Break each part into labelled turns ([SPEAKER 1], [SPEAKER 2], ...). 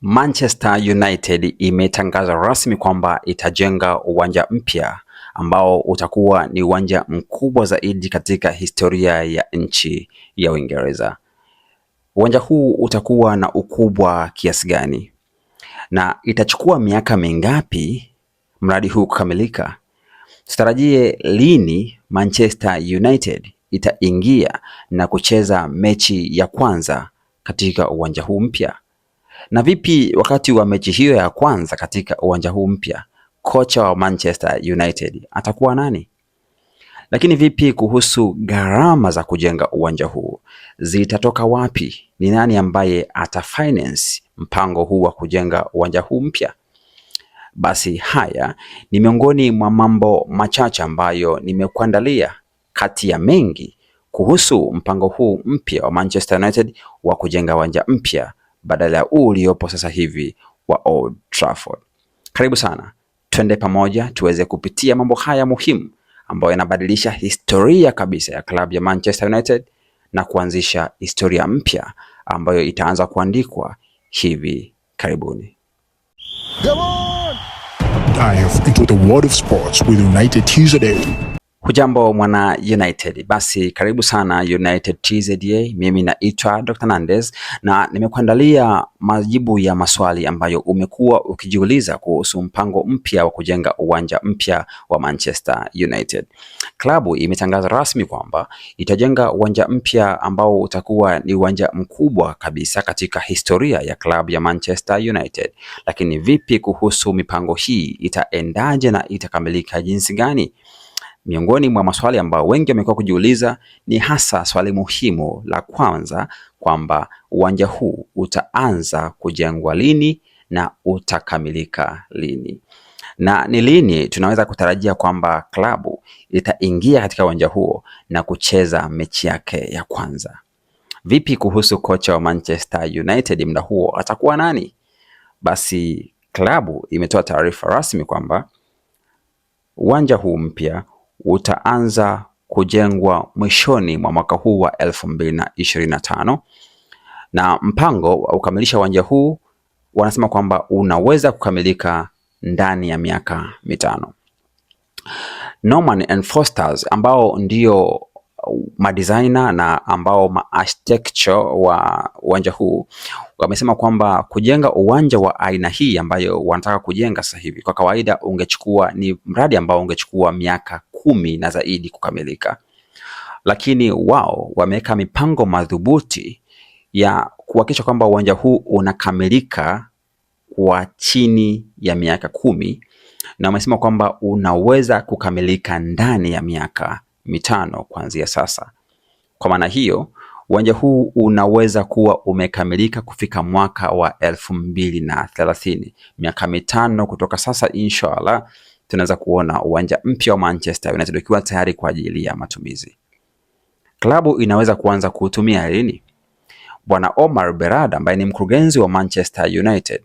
[SPEAKER 1] Manchester United imetangaza rasmi kwamba itajenga uwanja mpya ambao utakuwa ni uwanja mkubwa zaidi katika historia ya nchi ya Uingereza. Uwanja huu utakuwa na ukubwa kiasi gani? Na itachukua miaka mingapi mradi huu kukamilika? Tutarajie lini Manchester United itaingia na kucheza mechi ya kwanza katika uwanja huu mpya? Na vipi wakati wa mechi hiyo ya kwanza katika uwanja huu mpya, kocha wa Manchester United atakuwa nani? Lakini vipi kuhusu gharama za kujenga uwanja huu, zitatoka wapi? Ni nani ambaye atafinance mpango huu wa kujenga uwanja huu mpya? Basi haya ni miongoni mwa mambo machache ambayo nimekuandalia kati ya mengi kuhusu mpango huu mpya wa Manchester United wa kujenga uwanja mpya badala ya huu uliopo sasa hivi wa Old Trafford. Karibu sana, twende pamoja tuweze kupitia mambo haya muhimu ambayo yanabadilisha historia kabisa ya klabu ya Manchester United na kuanzisha historia mpya ambayo itaanza kuandikwa hivi karibuni. Dive into the world of sports with United Tuesday. Hujambo mwana United, basi karibu sana United TZA. Mimi naitwa Dr. Nandez na nimekuandalia majibu ya maswali ambayo umekuwa ukijiuliza kuhusu mpango mpya wa kujenga uwanja mpya wa Manchester United. Klabu imetangaza rasmi kwamba itajenga uwanja mpya ambao utakuwa ni uwanja mkubwa kabisa katika historia ya klabu ya Manchester United. Lakini vipi kuhusu mipango hii, itaendaje na itakamilika jinsi gani? Miongoni mwa maswali ambayo wengi wamekuwa kujiuliza ni hasa swali muhimu la kwanza kwamba uwanja huu utaanza kujengwa lini na utakamilika lini, na ni lini tunaweza kutarajia kwamba klabu itaingia katika uwanja huo na kucheza mechi yake ya kwanza. Vipi kuhusu kocha wa Manchester United, muda huo atakuwa nani? Basi klabu imetoa taarifa rasmi kwamba uwanja huu mpya utaanza kujengwa mwishoni mwa mwaka huu wa 2025 na mpango wa kukamilisha uwanja huu wanasema kwamba unaweza kukamilika ndani ya miaka mitano. Norman and Fosters ambao ndio madesigner na ambao maarchitecture wa uwanja huu wamesema kwamba kujenga uwanja wa aina hii ambayo wanataka kujenga sasa hivi, kwa kawaida ungechukua ni mradi ambao ungechukua miaka kumi na zaidi kukamilika, lakini wao wameweka mipango madhubuti ya kuhakikisha kwamba uwanja huu unakamilika kwa chini ya miaka kumi na wamesema kwamba unaweza kukamilika ndani ya miaka mitano kuanzia sasa. Kwa maana hiyo, uwanja huu unaweza kuwa umekamilika kufika mwaka wa elfu mbili na thelathini. Miaka mitano kutoka sasa, inshallah tunaweza kuona uwanja mpya wa Manchester United ukiwa tayari kwa ajili ya matumizi. Klabu inaweza kuanza kuutumia lini? Bwana Omar Berad ambaye ni mkurugenzi wa Manchester United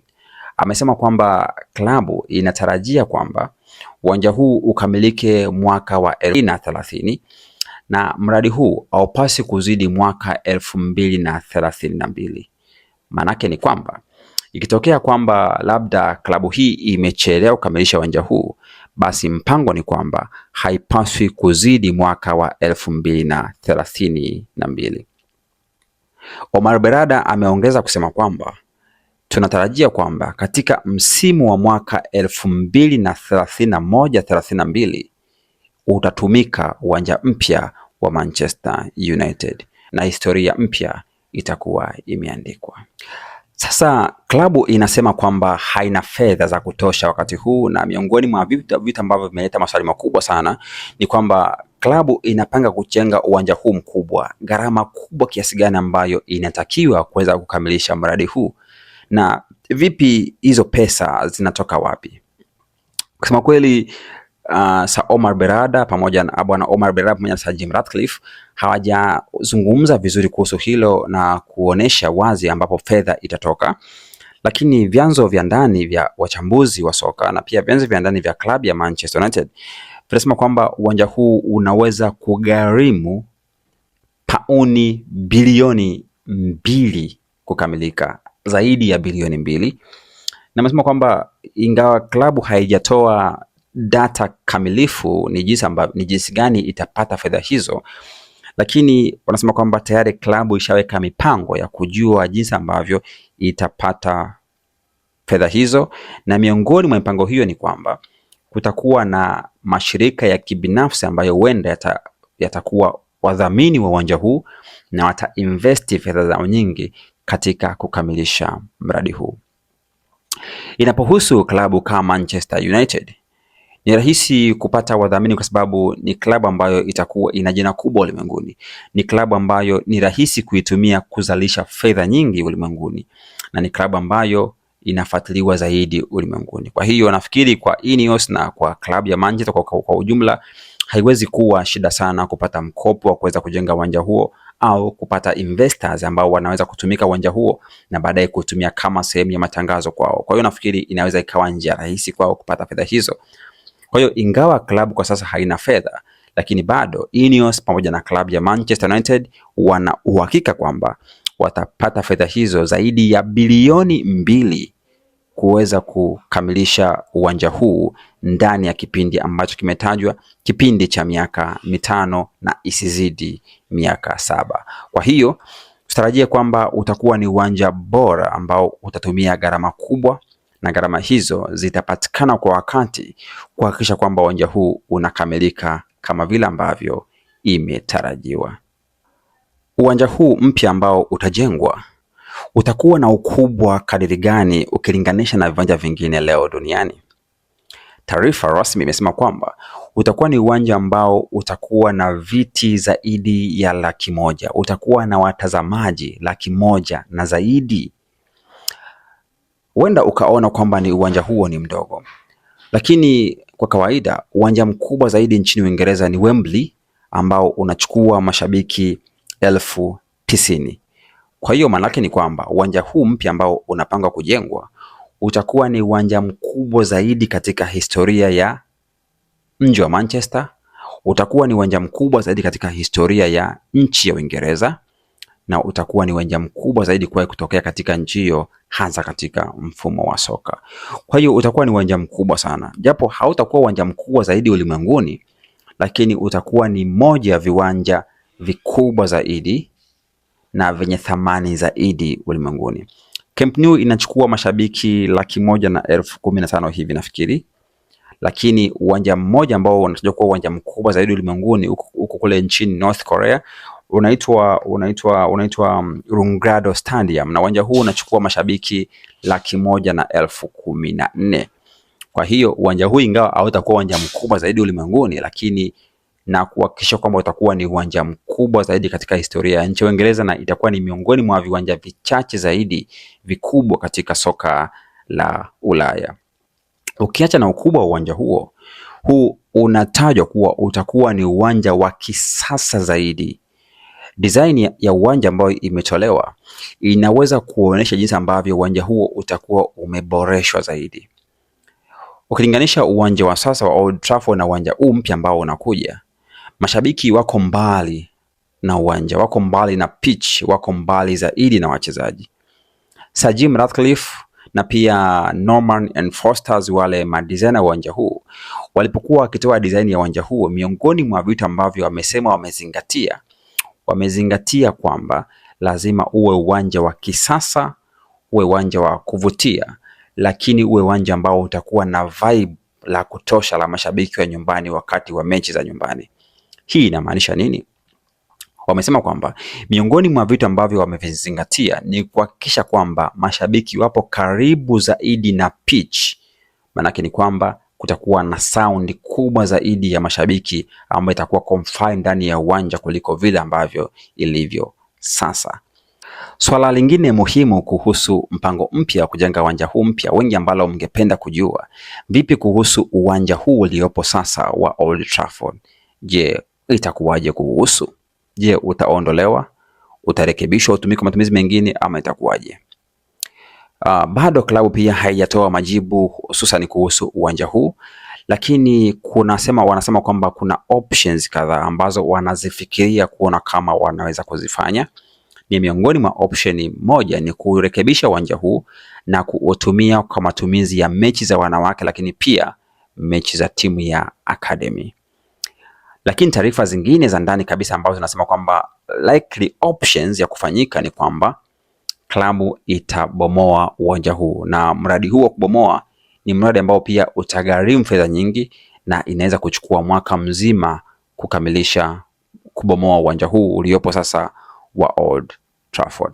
[SPEAKER 1] amesema kwamba klabu inatarajia kwamba uwanja huu ukamilike mwaka wa 2030 na thelathini na mradi huu haupasi kuzidi mwaka elfu mbili na thelathini na mbili. Maanake ni kwamba ikitokea kwamba labda klabu hii imechelewa kukamilisha uwanja huu, basi mpango ni kwamba haipaswi kuzidi mwaka wa elfu mbili na thelathini na mbili. Omar Berada ameongeza kusema kwamba tunatarajia kwamba katika msimu wa mwaka elfu mbili na thelathini na moja thelathini na mbili utatumika uwanja mpya wa Manchester United na historia mpya itakuwa imeandikwa. Sasa klabu inasema kwamba haina fedha za kutosha wakati huu, na miongoni mwa vitu ambavyo vimeleta maswali makubwa sana ni kwamba klabu inapanga kujenga uwanja huu mkubwa, gharama kubwa kiasi gani ambayo inatakiwa kuweza kukamilisha mradi huu na vipi hizo pesa zinatoka wapi? Kusema kweli Uh, Sir Omar Berada pamoja na bwana Omar Berada pamoja na Sir Jim Ratcliffe hawajazungumza vizuri kuhusu hilo na kuonesha wazi ambapo fedha itatoka, lakini vyanzo vya ndani vya wachambuzi wa soka na pia vyanzo vya ndani vya klabu ya Manchester United vinasema kwamba uwanja huu unaweza kugharimu pauni bilioni mbili kukamilika zaidi ya bilioni mbili na amesema kwamba ingawa klabu haijatoa data kamilifu ni jinsi ni jinsi gani itapata fedha hizo, lakini wanasema kwamba tayari klabu ishaweka mipango ya kujua jinsi ambavyo itapata fedha hizo, na miongoni mwa mipango hiyo ni kwamba kutakuwa na mashirika ya kibinafsi ambayo huenda yata, yatakuwa wadhamini wa uwanja huu na watainvesti fedha zao nyingi katika kukamilisha mradi huu. Inapohusu klabu kama Manchester United ni rahisi kupata wadhamini kwa sababu ni klabu ambayo itakuwa ina jina kubwa ulimwenguni. Ni klabu ambayo ni rahisi kuitumia kuzalisha fedha nyingi ulimwenguni, na ni klabu ambayo inafuatiliwa zaidi ulimwenguni. Kwa hiyo nafikiri kwa Ineos na kwa klabu ya Manchester kwa, kwa, kwa ujumla haiwezi kuwa shida sana kupata mkopo wa kuweza kujenga uwanja huo au kupata investors ambao wanaweza kutumika uwanja huo na baadaye kutumia kama sehemu ya matangazo kwao. Kwa hiyo nafikiri inaweza ikawa njia rahisi kwao kupata fedha hizo. Kwa hiyo ingawa klabu kwa sasa haina fedha, lakini bado Ineos pamoja na klabu ya Manchester United wana uhakika kwamba watapata fedha hizo zaidi ya bilioni mbili kuweza kukamilisha uwanja huu ndani ya kipindi ambacho kimetajwa, kipindi cha miaka mitano na isizidi miaka saba. Kwa hiyo tutarajia kwamba utakuwa ni uwanja bora ambao utatumia gharama kubwa na gharama hizo zitapatikana kwa wakati kuhakikisha kwamba uwanja huu unakamilika kama vile ambavyo imetarajiwa. Uwanja huu mpya ambao utajengwa utakuwa na ukubwa kadiri gani ukilinganisha na viwanja vingine leo duniani? Taarifa rasmi imesema kwamba utakuwa ni uwanja ambao utakuwa na viti zaidi ya laki moja, utakuwa na watazamaji laki moja na zaidi. Huenda ukaona kwamba ni uwanja huo ni mdogo, lakini kwa kawaida uwanja mkubwa zaidi nchini Uingereza ni Wembley ambao unachukua mashabiki elfu tisini. Kwa hiyo maanake ni kwamba uwanja huu mpya ambao unapangwa kujengwa utakuwa ni uwanja mkubwa zaidi katika historia ya mji wa Manchester, utakuwa ni uwanja mkubwa zaidi katika historia ya nchi ya Uingereza na utakuwa ni uwanja mkubwa zaidi kuwahi kutokea katika nchi hiyo, hasa katika mfumo wa soka. Kwa hiyo utakuwa ni uwanja mkubwa sana, japo hautakuwa uwanja mkubwa zaidi ulimwenguni, lakini utakuwa ni moja ya viwanja vikubwa zaidi na vyenye thamani zaidi ulimwenguni. Camp Nou inachukua mashabiki laki moja na elfu kumi na tano hivi nafikiri, lakini uwanja mmoja ambao unatajwa kuwa uwanja mkubwa zaidi ulimwenguni huko kule nchini North Korea unaitwa unaitwa unaitwa um, Rungrado Stadium, na uwanja huu unachukua mashabiki laki moja na elfu kumi na nne. Kwa hiyo uwanja huu ingawa hautakuwa uwanja mkubwa zaidi ulimwenguni, lakini na kuhakikisha kwamba utakuwa ni uwanja mkubwa zaidi katika historia ya nchi ya Uingereza na itakuwa ni miongoni mwa viwanja vichache zaidi vikubwa katika soka la Ulaya. Ukiacha na ukubwa wa uwanja huo, huu unatajwa kuwa utakuwa ni uwanja wa kisasa zaidi. Design ya uwanja ambayo imetolewa inaweza kuonyesha jinsi ambavyo uwanja huo utakuwa umeboreshwa zaidi. Ukilinganisha uwanja wa sasa wa Old Trafford na uwanja huu mpya ambao unakuja, Mashabiki wako mbali na uwanja, wako mbali na pitch, wako mbali zaidi na wachezaji. Sir Jim Ratcliffe na pia Norman and Fosters wale madizaina uwanja huu walipokuwa wakitoa design ya uwanja huo, miongoni mwa vitu ambavyo wamesema wamezingatia, wamezingatia kwamba lazima uwe uwanja wa kisasa, uwe uwanja wa kuvutia, lakini uwe uwanja ambao utakuwa na vibe la kutosha la mashabiki wa nyumbani wakati wa mechi za nyumbani. Hii inamaanisha nini? Wamesema kwamba miongoni mwa vitu ambavyo wamevizingatia ni kuhakikisha kwamba mashabiki wapo karibu zaidi na pitch. Maanake ni kwamba kutakuwa na sound kubwa zaidi ya mashabiki ambayo itakuwa confined ndani ya uwanja kuliko vile ambavyo ilivyo sasa. Swala lingine muhimu kuhusu mpango mpya wa kujenga uwanja huu mpya, wengi ambalo mngependa kujua, vipi kuhusu uwanja huu uliopo sasa wa Old Trafford? Je, itakuwaje kuhusu? Je, utaondolewa? Utarekebishwa utumike kwa matumizi mengine ama itakuwaje? Uh, bado klabu pia haijatoa majibu hususan kuhusu uwanja huu, lakini kunasema wanasema kwamba kuna options kadhaa ambazo wanazifikiria kuona kama wanaweza kuzifanya. Ni miongoni mwa option, moja ni kurekebisha uwanja huu na kuutumia kwa matumizi ya mechi za wanawake, lakini pia mechi za timu ya academy. Lakini taarifa zingine za ndani kabisa ambazo zinasema kwamba likely options ya kufanyika ni kwamba klabu itabomoa uwanja huu, na mradi huu wa kubomoa ni mradi ambao pia utagharimu fedha nyingi na inaweza kuchukua mwaka mzima kukamilisha kubomoa uwanja huu uliopo sasa wa Old Trafford.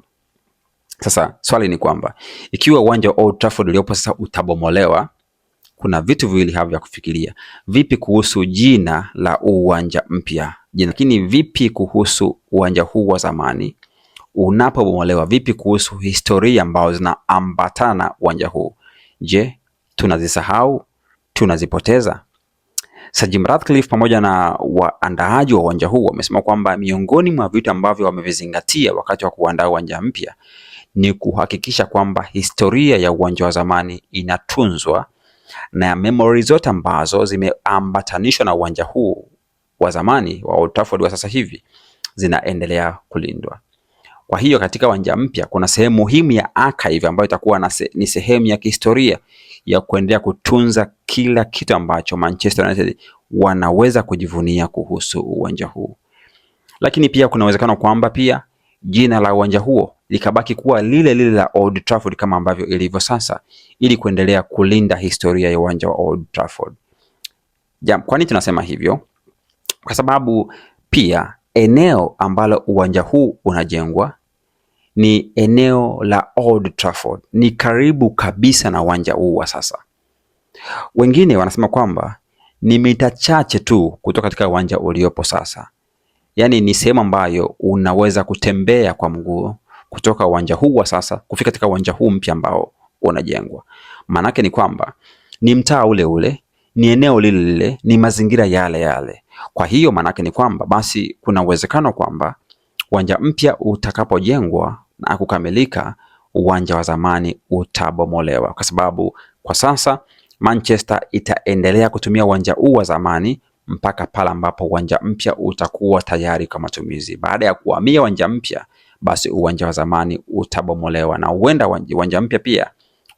[SPEAKER 1] Sasa swali ni kwamba ikiwa uwanja wa Old Trafford uliopo sasa utabomolewa kuna vitu viwili hapa vya kufikiria. Vipi kuhusu jina la uwanja mpya lakini vipi kuhusu uwanja huu wa zamani unapobomolewa? Vipi kuhusu historia ambazo zinaambatana uwanja huu? Je, tunazisahau? Tunazipoteza? Sir Jim Ratcliffe pamoja na waandaaji wa uwanja huu wamesema kwamba miongoni mwa vitu ambavyo wamevizingatia wakati wa kuandaa uwanja mpya ni kuhakikisha kwamba historia ya uwanja wa zamani inatunzwa na memory zote ambazo zimeambatanishwa na uwanja huu wa zamani wa Old Trafford wa sasa hivi zinaendelea kulindwa. Kwa hiyo katika uwanja mpya kuna sehemu muhimu ya archive ambayo itakuwa na se, ni sehemu ya kihistoria ya kuendelea kutunza kila kitu ambacho Manchester United wanaweza kujivunia kuhusu uwanja huu, lakini pia kuna uwezekano kwamba pia jina la uwanja huo likabaki kuwa lile lile la Old Trafford kama ambavyo ilivyo sasa, ili kuendelea kulinda historia ya uwanja wa Old Trafford. kwa nini tunasema hivyo kwa sababu pia eneo ambalo uwanja huu unajengwa ni eneo la Old Trafford, ni karibu kabisa na uwanja huu wa sasa. Wengine wanasema kwamba ni mita chache tu kutoka katika uwanja uliopo sasa, yani ni sehemu ambayo unaweza kutembea kwa mguu kutoka uwanja huu wa sasa kufika katika uwanja huu mpya ambao unajengwa. Maanake ni kwamba ni mtaa ule ule, ni eneo lile lile, ni mazingira yale yale. Kwa hiyo maanake ni kwamba basi kuna uwezekano kwamba uwanja mpya utakapojengwa na kukamilika, uwanja wa zamani utabomolewa, kwa sababu kwa sasa Manchester itaendelea kutumia uwanja huu wa zamani mpaka pale ambapo uwanja mpya utakuwa tayari kwa matumizi. Baada ya kuhamia uwanja mpya, basi uwanja wa zamani utabomolewa na huenda uwanja mpya pia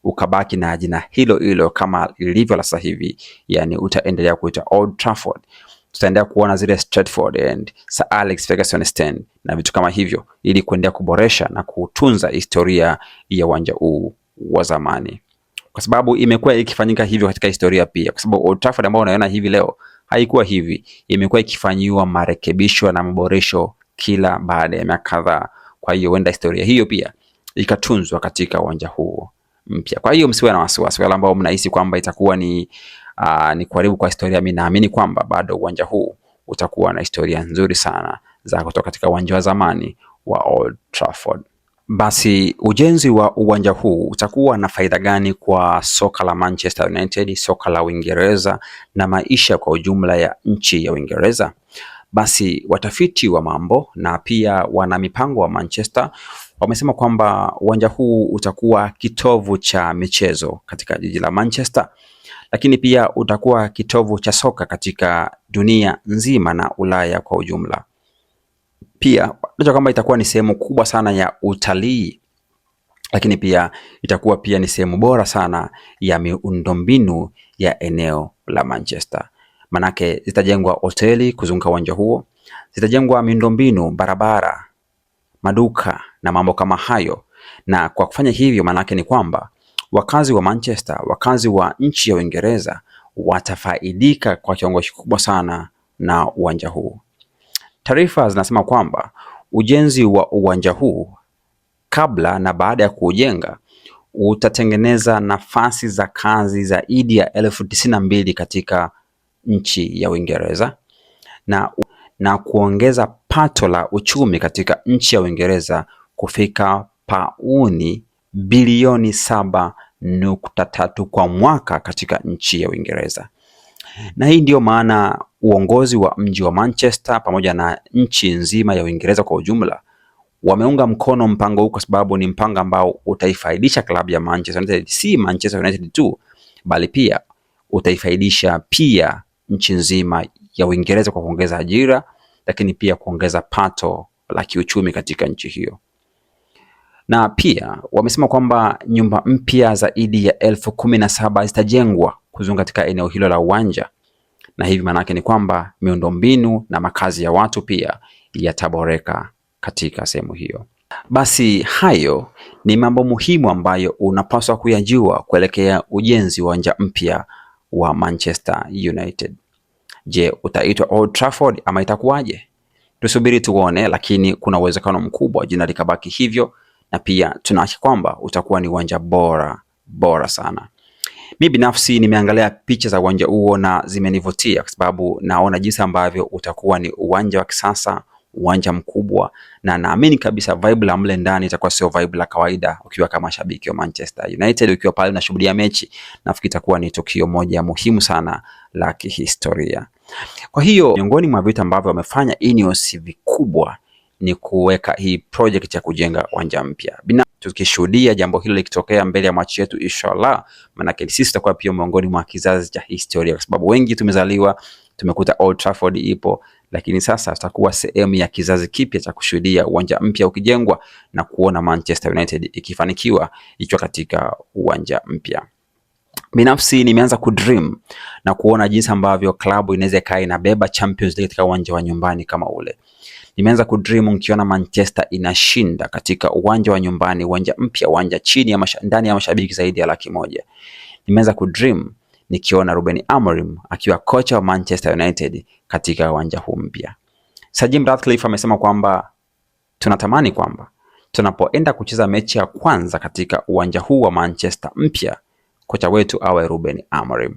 [SPEAKER 1] ukabaki na jina hilo hilo kama lilivyo la sasa hivi, yani utaendelea kuitwa Old Trafford. Tutaendelea kuona zile Stratford and Sir Alex Ferguson Stand na vitu kama hivyo, ili kuendelea kuboresha na kutunza historia ya uwanja huu wa zamani, kwa sababu imekuwa ikifanyika hivyo katika historia pia, kwa sababu Old Trafford ambao unaiona hivi leo Haikuwa hivi, imekuwa ikifanyiwa marekebisho na maboresho kila baada ya miaka kadhaa. Kwa hiyo huenda historia hiyo pia ikatunzwa katika uwanja huo mpya. Kwa hiyo msiwe na wasiwasi, wale ambao mnahisi kwamba itakuwa ni aa, ah, ni kuharibu kwa historia. Mimi naamini kwamba bado uwanja huu utakuwa na historia nzuri sana za kutoka katika uwanja wa zamani wa Old Trafford. Basi ujenzi wa uwanja huu utakuwa na faida gani kwa soka la Manchester United, soka la Uingereza na maisha kwa ujumla ya nchi ya Uingereza? Basi watafiti wa mambo na pia wana mipango wa Manchester wamesema kwamba uwanja huu utakuwa kitovu cha michezo katika jiji la Manchester, lakini pia utakuwa kitovu cha soka katika dunia nzima na Ulaya kwa ujumla pia licha kwamba itakuwa ni sehemu kubwa sana ya utalii, lakini pia itakuwa pia ni sehemu bora sana ya miundombinu ya eneo la Manchester. Manake zitajengwa hoteli kuzunguka uwanja huo, zitajengwa miundombinu, barabara, maduka na mambo kama hayo. Na kwa kufanya hivyo, manake ni kwamba wakazi wa Manchester, wakazi wa nchi ya Uingereza watafaidika kwa kiwango kikubwa sana na uwanja huu. Taarifa zinasema kwamba ujenzi wa uwanja huu kabla na baada ya kuujenga utatengeneza nafasi za kazi zaidi ya elfu tisini na mbili katika nchi ya Uingereza na, na kuongeza pato la uchumi katika nchi ya Uingereza kufika pauni bilioni saba nukta tatu kwa mwaka katika nchi ya Uingereza na hii ndiyo maana uongozi wa mji wa Manchester pamoja na nchi nzima ya Uingereza kwa ujumla wameunga mkono mpango huu kwa sababu ni mpango ambao utaifaidisha klabu ya Manchester United, si Manchester United tu bali pia utaifaidisha pia nchi nzima ya Uingereza kwa kuongeza ajira, lakini pia kuongeza pato la kiuchumi katika nchi hiyo. Na pia wamesema kwamba nyumba mpya zaidi ya elfu kumi na saba zitajengwa kuzunguka katika eneo hilo la uwanja, na hivi maanake ni kwamba miundombinu na makazi ya watu pia yataboreka katika sehemu hiyo. Basi hayo ni mambo muhimu ambayo unapaswa kuyajua kuelekea ujenzi wa uwanja mpya wa Manchester United. Je, utaitwa Old Trafford ama itakuwaje? Tusubiri tuone, lakini kuna uwezekano mkubwa jina likabaki hivyo, na pia tunaacha kwamba utakuwa ni uwanja bora bora sana. Mi binafsi nimeangalia picha za uwanja huo na zimenivutia kwa sababu naona jinsi ambavyo utakuwa ni uwanja wa kisasa, uwanja mkubwa, na naamini kabisa vibe la mle ndani itakuwa sio vibe la kawaida. Ukiwa kama shabiki wa Manchester United, ukiwa pale unashuhudia mechi, nafikiri itakuwa ni tukio moja muhimu sana la kihistoria. Kwa hiyo miongoni mwa vitu ambavyo wamefanya Ineos vikubwa ni kuweka hii project ya kujenga uwanja mpya. Bina tukishuhudia jambo hilo likitokea mbele ya macho yetu inshallah, maanake sisi tutakuwa pia miongoni mwa kizazi cha historia, kwa sababu wengi tumezaliwa tumekuta Old Trafford ipo, lakini sasa tutakuwa sehemu ya kizazi kipya cha kushuhudia uwanja mpya ukijengwa na kuona Manchester United ikifanikiwa ikiwa katika uwanja mpya. Binafsi nimeanza dream na kuona jinsi ambavyo klabu inaweza ikawa inabeba Champions League katika uwanja wa nyumbani kama ule. Nimeanza dream nikiona Manchester inashinda katika uwanja wa nyumbani, uwanja mpya, uwanja chini ya masha, ndani ya mashabiki zaidi ya laki moja. Nimeanza dream nikiona Ruben Amorim akiwa kocha wa Manchester United katika uwanja huu mpya. Sir Jim Ratcliffe amesema kwamba tunatamani kwamba tunapoenda kucheza mechi ya kwanza katika uwanja huu wa Manchester mpya, kocha wetu awe Ruben Amorim.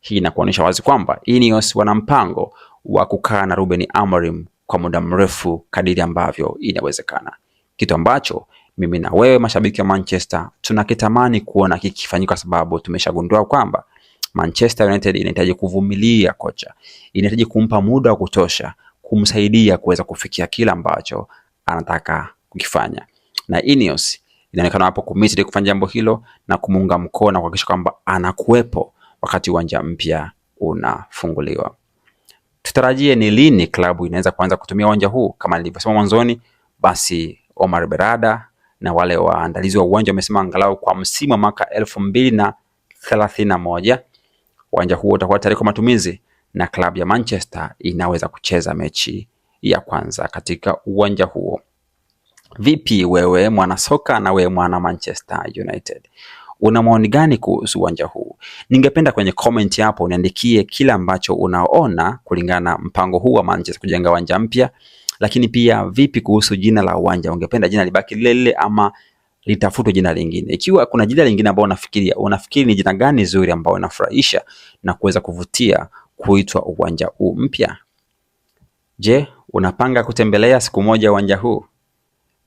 [SPEAKER 1] Hii inakuonyesha wazi kwamba Ineos wana mpango wa kukaa na Ruben Amorim kwa muda mrefu kadiri ambavyo inawezekana, kitu ambacho mimi na wewe mashabiki wa Manchester tunakitamani kuona kikifanyika, kwa sababu tumeshagundua kwamba Manchester United inahitaji kuvumilia kocha, inahitaji kumpa muda wa kutosha kumsaidia kuweza kufikia kila ambacho anataka kukifanya, na Ineos inaonekana hapo committed kufanya jambo hilo na kumuunga mkono na kuhakikisha kwamba anakuwepo wakati uwanja mpya unafunguliwa tutarajie ni lini klabu inaweza kuanza kutumia uwanja huu. Kama nilivyosema mwanzoni, basi Omar Berada na wale waandalizi wa uwanja wamesema angalau kwa msimu wa mwaka elfu mbili na thelathini na moja uwanja huo utakuwa tayari kwa matumizi na klabu ya Manchester inaweza kucheza mechi ya kwanza katika uwanja huo. Vipi wewe mwana soka na wewe mwana Manchester United? Una maoni gani kuhusu uwanja huu? Ningependa kwenye comment hapo uniandikie kila ambacho unaona kulingana na mpango huu wa Manchester kujenga uwanja mpya, lakini pia vipi kuhusu jina la uwanja? Ungependa jina libaki lile lile ama litafutwe jina lingine? Ikiwa kuna jina lingine ambalo unafikiria, unafikiri ni jina gani zuri ambalo inafurahisha na kuweza kuvutia kuitwa uwanja huu mpya? Je, unapanga kutembelea siku moja uwanja huu?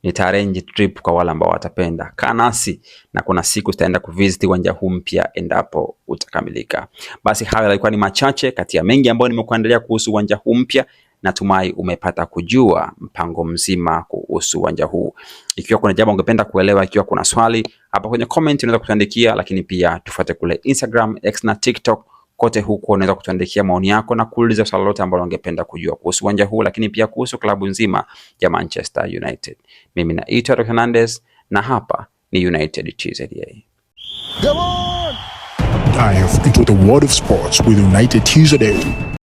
[SPEAKER 1] nitaarrange trip kwa wale ambao watapenda. Kaa nasi na kuna siku tutaenda kuvisit uwanja huu mpya endapo utakamilika. Basi hayo yalikuwa ni machache kati ya mengi ambayo nimekuandalia kuhusu uwanja huu mpya. Natumai umepata kujua mpango mzima kuhusu uwanja huu. Ikiwa kuna jambo ungependa kuelewa, ikiwa kuna swali hapa kwenye comment unaweza kutuandikia, lakini pia tufuate kule Instagram, X na TikTok Kote huko unaweza kutuandikia maoni yako na kuuliza swali lolote ambalo ungependa kujua kuhusu uwanja huu, lakini pia kuhusu klabu nzima ya Manchester United. Mimi naitwa Dr. Hernandez na hapa ni United TZA. Dive into the world of sports with United TZA.